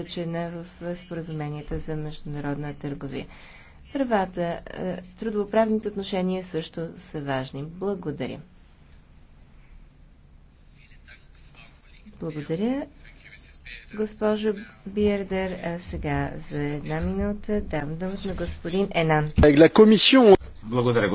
включена в споразуменията за международна търговия. Правата, е, трудовоправните отношения също са важни. Благодаря. Благодаря, госпожо Биердер. сега за една минута давам думата на господин Енан. Благодаря,